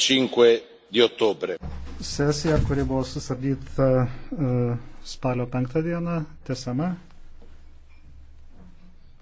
5 di ottobre. Sesija, kuri buvo sustabdyta e, spalio 5 dieną, tesama.